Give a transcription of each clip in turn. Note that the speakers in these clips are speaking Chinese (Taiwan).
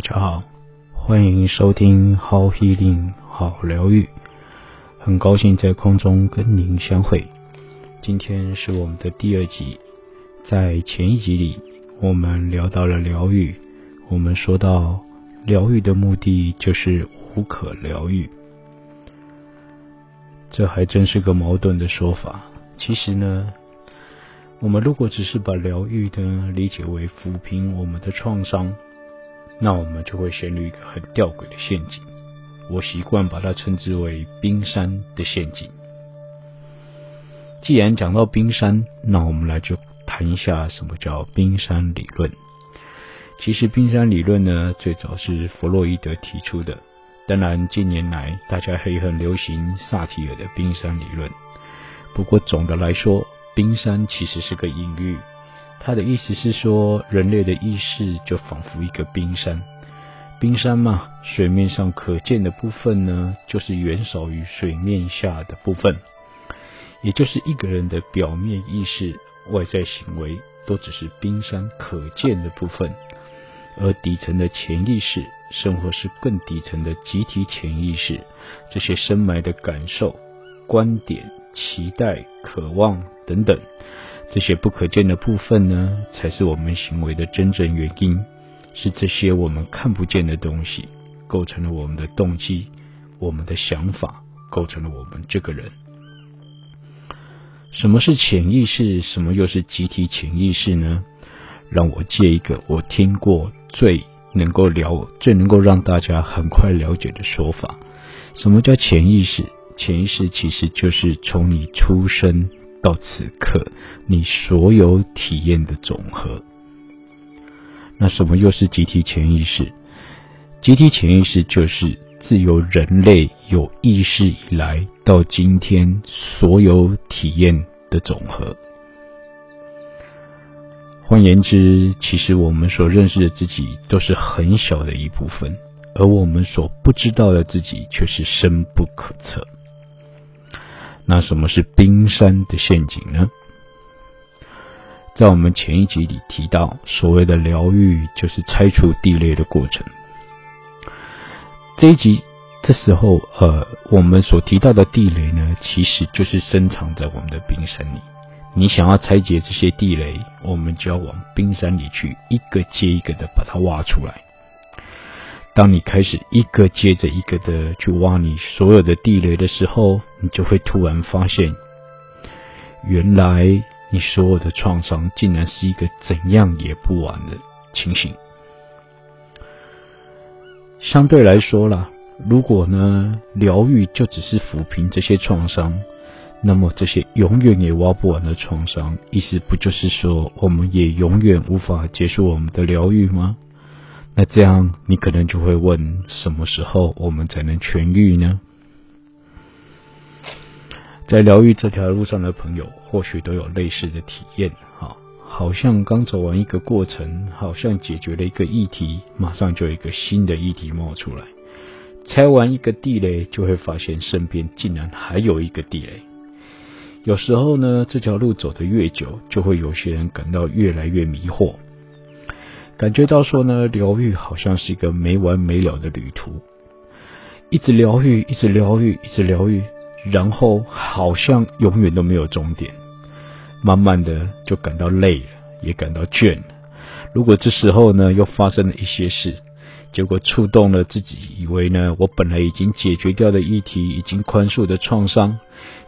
大家好，歡迎收聽 How Healing 好療癒，很高興在空中跟您相會。今天是我們的第二集，在前一集裡，我們聊到了療癒，我們說到療癒的目的就是無可療癒，這還真是個矛盾的說法。其實呢，我們如果只是把療癒的理解為撫平我們的創傷，那我們就會陷入一個很弔詭的陷阱。我習慣把它稱之為“冰山”的陷阱。既然講到冰山，那我們來就談一下什麼叫冰山理論。其實冰山理論呢，最早是弗洛伊德提出的。當然近年來大家還很流行薩提爾的冰山理論。不過總的來說，冰山其實是個隱喻。他的意思是說，人類的意識就仿佛一個冰山，冰山嘛，水面上可見的部分呢，就是遠少於水面下的部分，也就是一個人的表面意識、外在行為，都只是冰山可見的部分，而底層的潛意識、生活是更底層的集體潛意識，這些深埋的感受、觀點、期待、渴望等等。這些不可見的部分呢，才是我們行為的真正原因。是這些我們看不見的東西，構成了我們的動機，我們的想法，構成了我們這個人。什麼是潛意識？什麼又是集體潛意識呢？讓我借一個我聽過最能夠了、最能夠讓大家很快了解的說法：什麼叫潛意識？潛意識其實就是從你出生，到此刻，你所有體驗的總和。那什麼又是集體潛意識？集體潛意識就是自有人類有意識以來到今天所有體驗的總和。換言之，其實我們所認識的自己都是很小的一部分，而我們所不知道的自己卻是深不可測。那什麼是冰山的陷阱呢？在我們前一集裡提到所謂，所謂的療癒就是拆除地雷的過程。這一集這時候，呃，我們所提到的地雷呢，其實就是深藏在我們的冰山裡。你想要拆解這些地雷，我們就要往冰山裡去，一個接一個的把它挖出來。當你開始一個接着一個的去挖你所有的地雷的時候，你就會突然發現，原來你所有的創傷竟然是一個怎樣也不完的情形。相對來說啦，如果呢，療癒就只是撫平這些創傷，那麼這些永遠也挖不完的創傷，意思不就是說，我們也永遠無法結束我們的療癒嗎？那這樣，你可能就會問：什麼時候我們才能痊癒呢？在療癒這條路上的朋友，或許都有類似的體驗，哈，好像剛走完一個過程，好像解決了一個議題，馬上就有一個新的議題冒出來，拆完一個地雷，就會發現身邊竟然還有一個地雷。有時候呢，這條路走得越久，就會有些人感到越來越迷惑。感覺到說呢，療癒好像是一個沒完沒了的旅途，一直療癒，一直療癒，一直療癒，然後好像永遠都沒有終點。慢慢的就感到累了，也感到倦了。如果這時候呢，又發生了一些事，結果觸動了自己，以為呢，我本來已經解決掉的議題，已經寬恕的創傷，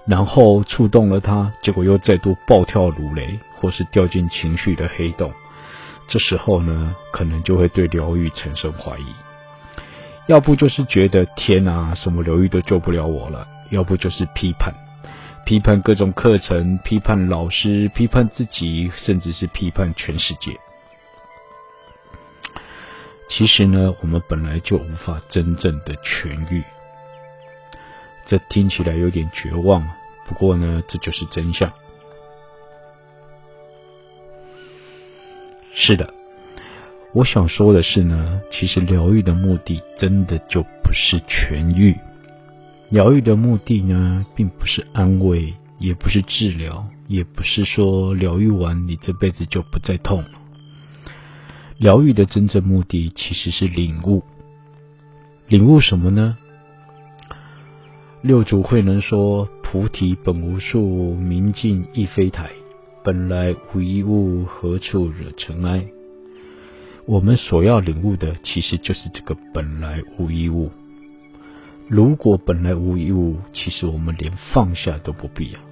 然後觸動了它，結果又再度暴跳如雷，或是掉進情緒的黑洞。這時候呢，可能就會對療癒產生懷疑，要不就是覺得天啊，什麼療癒都救不了我了；要不就是批判，批判各種課程，批判老師，批判自己，甚至是批判全世界。其實呢，我們本來就無法真正的痊癒。這聽起來有點絕望，不過呢，這就是真相。是的，我想說的是呢，其實療癒的目的真的就不是痊癒，療癒的目的呢，並不是安慰，也不是治療，也不是說療癒完你這輩子就不再痛了。療癒的真正目的其實是領悟，領悟什麼呢？六祖慧能說：“菩提本無樹，明鏡亦非台。”本來無一物，何處惹塵埃？我們所要領悟的，其實就是這個本來無一物。如果本來無一物，其實我們連放下都不必要、啊，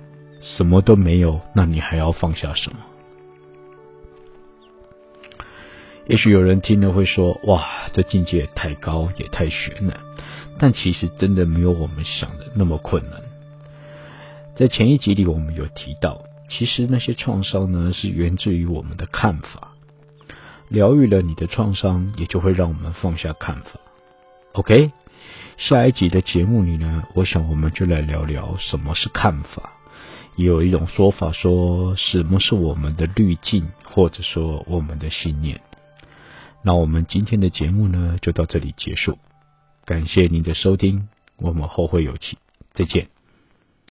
什麼都沒有，那你還要放下什麼？也許有人聽了會說：“哇，這境界太高，也太玄了、啊。”但其實真的沒有我們想的那麼困難。在前一集裡，我們有提到。其實那些創傷呢，是源自於我們的看法。療癒了你的創傷，也就會讓我們放下看法。OK，下一集的節目裡呢，我想我們就來聊聊什麼是看法。也有一種說法說，什麼是我們的濾鏡，或者說我們的信念。那我們今天的節目呢，就到這裡結束。感謝您的收聽，我們後會有期，再見。